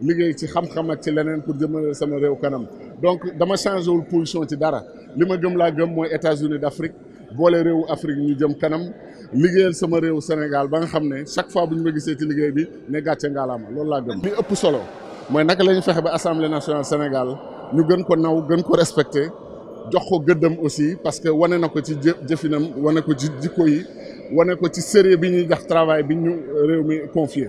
liggéey ci xam-xam ak ci leneen pour jëmale sama réew kanam donc dama changé wul position ci dara li ma gëm laa gëm mooy États-Unis d'Afrique boole réewu Afrique ñu jëm kanam liggéeyal sama réew Sénégal ba nga xam ne chaque fois bu ñu ma gisee ci liggéey bi ne gàcce ngaalaama loolu laa gëm. li ëpp solo mooy naka lañu ñu fexe ba assemblée nationale Sénégal ñu gën ko naw gën ko respecté jox ko gëddam aussi parce que wane na ko ci jë jëfinam wane ko ci jikko yi wane ko ci sérieux bi ñuy jax travail bi ñu réew mi confier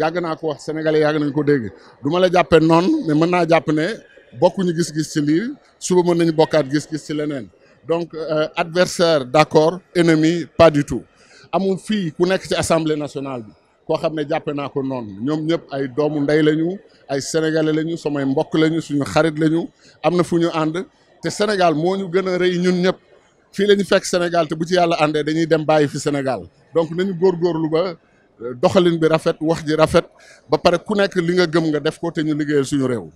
yàgg ko wax sénégalais ko dégg du la jappé mais gis-gis ci suba gis-gis ci donc euh, adversaire d'accord ennemi pas du tout amul mon ku nekk ci assemblée nationale bi ko xamné jappé jàppe ko noonu ay doomu nday lañu ay sénégalais lañu samay mbokk lañu suñu xarit lañu amna fu ñu Sénégal ñu gens ñun ñep fi lañu fekk Sénégal bu ci dañuy dem fi Sénégal donc nañu ba. doxalin bi rafet wax ji rafet ba pare ku nekk li nga gëm nga def ko te ñu liggéeyal suñu réew.